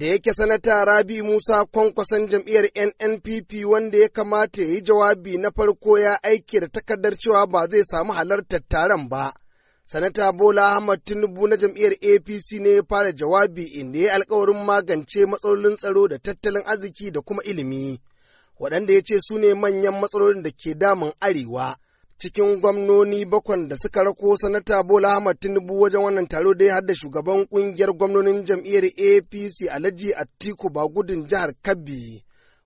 da yake sanata rabi musa kwankwason jam'iyyar nnpp wanda ya kamata ya yi jawabi na farko ya aiki da takardar cewa ba zai samu halartar taron ba sanata bola ahmad tinubu na jam'iyyar apc ne ya fara jawabi inda ya alkawarin magance matsalolin tsaro da tattalin arziki da kuma ilimi waɗanda ya ce su ne manyan matsalolin da ke damun arewa cikin gwamnoni bakwan da suka rako sanata Bola Ahmad Tinubu wajen wannan taro dai har da shugaban kungiyar gwamnonin jam'iyyar APC Alhaji Atiku Bagudin jihar kabi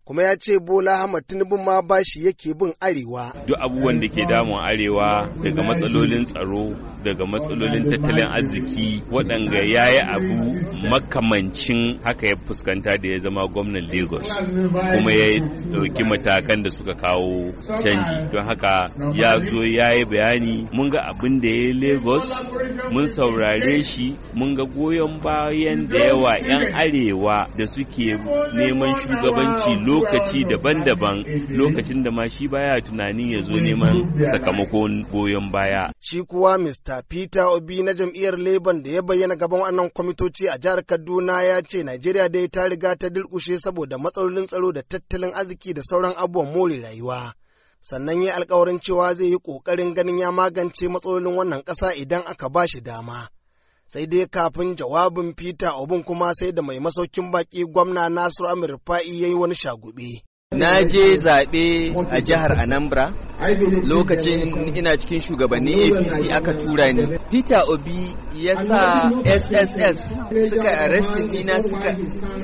kuma ya ce bola ahmad tinubu ma bashi yake bin arewa duk abubuwan da ke damun arewa daga matsalolin tsaro daga matsalolin tattalin arziki waɗanga ya yi abu makamancin haka ya fuskanta da ya zama gwamnan lagos kuma ya ɗauki matakan da suka kawo canji don haka ya zo ya yi bayani mun ga abin da ya yi lagos mun saurare shi mun ga goyon bayan da yawa 'yan arewa da suke neman shugabanci lokaci daban-daban lokacin da ma shi baya tunanin ya zo neman sakamakon goyon baya. Shi kuwa Mr. Peter Obi na jam'iyyar Labour da ya bayyana gaban wannan kwamitoci a jihar Kaduna ya ce Najeriya dai ta riga ta dirkushe saboda matsalolin tsaro da tattalin arziki da sauran abubuwan more rayuwa. sannan ya alkawarin cewa zai yi ƙoƙarin ganin ya magance matsalolin wannan ƙasa idan aka ba shi dama. sai dai kafin jawabin peter obin kuma sai da mai masaukin baki gwamna nasiru amir fa'i ya yi wani shagube na je zaɓe a jihar anambra lokacin ina cikin shugabanni apc aka tura ni peter obi ya sa sss suka arrestin dina suka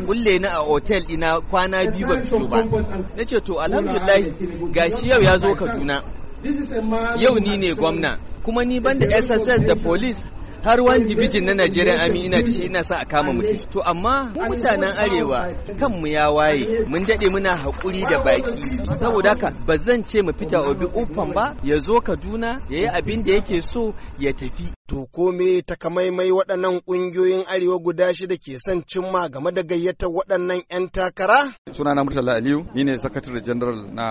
kulle ni a otel ɗina kwana biyu ba fito ba na ce to alhamdulillah gashi yau ya zo kaduna yau ni ne gwamna kuma ni banda sss da police har wani dibijin na Najeriya Amina ina da shi ina sa a kama mutum to amma mutanen arewa kanmu ya waye mun dade muna haƙuri da baki saboda haka ba zan ce mu fita obi ufan ba ya zo Kaduna yayi abin da yake so ya tafi To kome takamaimai waɗannan ƙungiyoyin arewa guda shida ke son cimma game da gayyatar waɗannan 'yan takara? Sunana Murtala Aliyu, ni ne Sakatare General na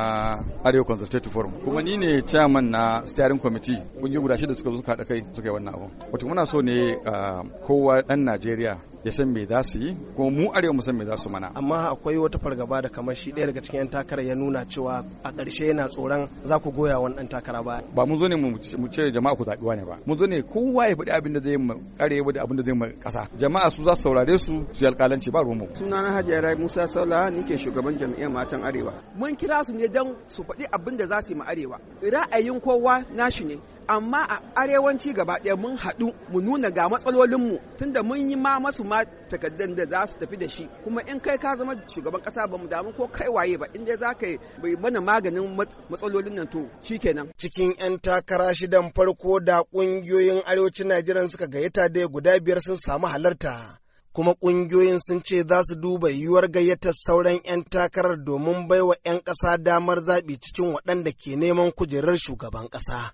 Arewa Consultative Forum, kuma ni ne Chairman na Steering Committee, ƙungiyoyi guda shida suka zo suka haɗa kai suka yi wannan abu. Wato muna so ne ah, kowa ɗan Najeriya ya san me za su yi kuma mu arewa mu san me za su mana amma akwai wata fargaba da kamar shi ɗaya daga cikin 'yan takara ya nuna cewa a ƙarshe yana tsoron za ku goya wani ɗan takara ba ba mu zo ne mu ce jama'a ku zaɓi ne ba mu zo ne kowa ya faɗi abin da zai mu arewa da abin da zai mu ƙasa jama'a su za su saurare su su yi alƙalanci ba ruwan mu sunana rai Musa Saula nike shugaban jam'iyyar matan arewa mun kira su ne don su faɗi abin da za su yi ma arewa ra'ayin kowa nashi ne amma a arewanci gaba ɗaya mun haɗu mu nuna ga matsalolinmu tunda mun yi ma masu ma takaddan da za su tafi da shi kuma in kai ka zama shugaban ƙasa ba mu damu ko kai waye ba in dai za ka bai mana maganin matsalolin nan to kenan cikin 'yan takara shidan farko da ƙungiyoyin arewacin najeriya suka gayyata da guda biyar sun samu halarta kuma ƙungiyoyin sun ce za su duba yiwuwar gayyatar sauran 'yan takarar domin baiwa 'yan ƙasa damar zaɓi cikin waɗanda ke neman kujerar shugaban ƙasa.